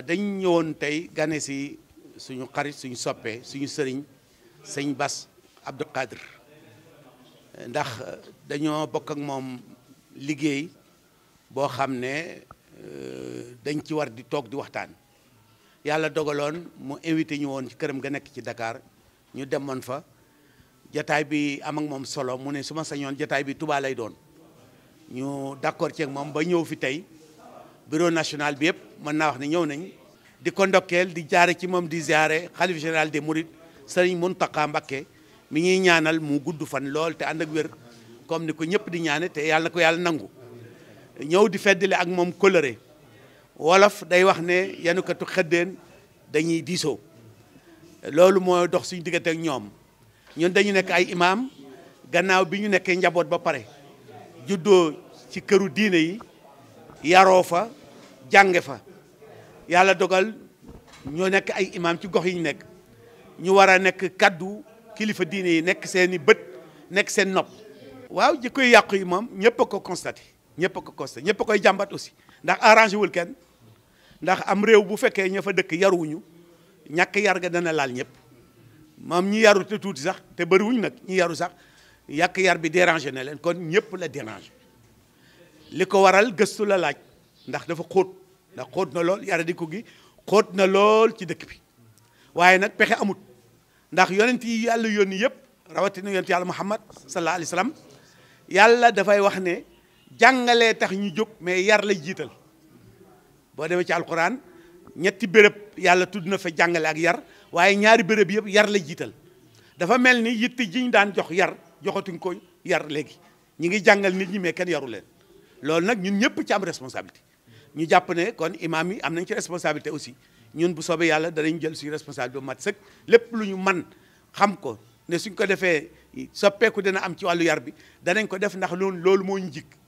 Euh, dañ ñëwoon tey gane si suñu xarit suñu soppee suñu sëriñ sëñ bas Abdou Khadre ndax euh, dañoo bokk ak moom liggéey boo xam ne euh, dañ ci war di toog di waxtaan yàlla dogaloon mu invité ñu woon ci këram ga nekk ci dakaar ñu dem demoon fa jataay bi am ak moom solo mu ne suma ma sañoon jataay bi Touba lay doon ñu d'accord ci ak moom ba ñëw fi tey bureau national bi yëpp mën naa wax ne ñëw nañ di ko ndokkeel di jaare ci moom di ziare xalif général des mourides sëriñ Mountakha Mbacké mi ñuy ñaanal mu gudd fan lool te ànd ak wér comme ni ko ñëpp di ñaane te yàlla na ko yàlla nangu ñëw di feddale ak moom coloré wolof day wax ne yanukatu xëddeen dañuy diisoo loolu moo dox suñu diggante ak ñoom ñun dañu nekk ay imaam gannaaw bi ñu nekkee njaboot ba pare juddoo ci këru diine yi yaroo fa jànge fa yalla dogal ñoo nek ay imam ci gox yi ñu ñu wara nek kaddu kilifa diine yi nek seen beut nek seen nopp. waaw jikko yaq yàqu yi moom ñëpp ko constaté ñepp ko constaté ñepp koy jambat aussi ndax arrangé wul kenn ndax am rew bu fekke ña fa dëkk yaruwuñu ñàkk yar ga dana laal ñepp mam ñi yaru te tuuti sax te wuñ nak ñi yaru sax yak yar bi déranger na leen kon ñepp la dérangé liko waral gëstu la laaj ndax dafa xoot ndax xóot na lool yara di gi xóot na lool ci dëkk bi waaye nag pexe amut ndax yonent yi yàlla yónni yëpp rawatina yonent yàlla muhammad sallallahu alayhi wa yàlla dafay wax ne jàngale tax ñu jóg mais yar la jiital boo demee ci alxuraan ñetti béréb yàlla tudd na fa jàngale ak yar waaye ñaari béréb yëpp yar la jiital dafa mel ni yitte jiñ daan jox yar joxatuñ ko yar léegi ñi ngi jàngal nit ñi mais kenn yaru leen loolu nag ñun ñëpp ci am responsabilité ñu japp né kon imam yi am nañ ci responsabilité aussi ñun bu soobee yalla danañ jël ci responsabilité bu mat sëk lépp lu ñu man xam ko né suñ ko defee soppeeku dina am ci walu yar bi danañ ko def ndax loolu loolu moo ñu jik